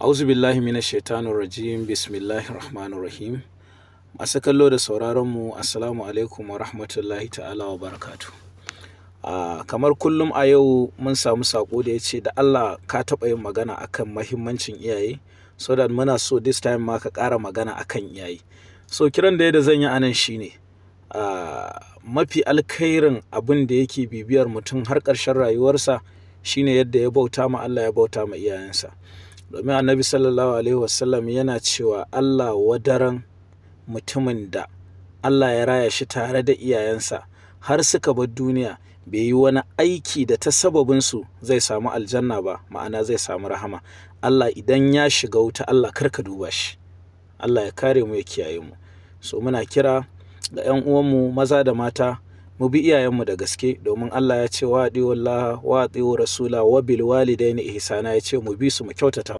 Auzu billahi mina shaitanu rajim bismillahi rahmanu rahim masu kallo da sauraron mu assalamu alaikum wa rahmatullahi ta'ala wa barakatu kamar kullum a yau mun samu sako da yace da Allah ka taɓa yin magana akan mahimmancin iyaye so that muna so this time ma ka kara magana akan iyaye so kiran da da zan yi anan shine mafi alkhairin abin da yake bibiyar mutum har ƙarshen rayuwarsa shine yadda ya bauta ma Allah ya bauta ma iyayensa domin annabi sallallahu alaihi wasallam yana cewa Allah wadaran mutumin da Allah ya raya shi tare da iyayensa har suka bar duniya bai yi wani aiki da ta sababinsu zai samu aljanna ba ma'ana zai samu rahama Allah idan ya shiga wuta Allah karka duba shi Allah ya kare mu ya kiyaye mu so muna kira ga 'yan uwanmu maza da mata mu bi iyayenmu da gaske domin Allah ya ce wa diwallah wa diwu rasula wa bil walidaini ihsana ya ce mu bi su mu kyautata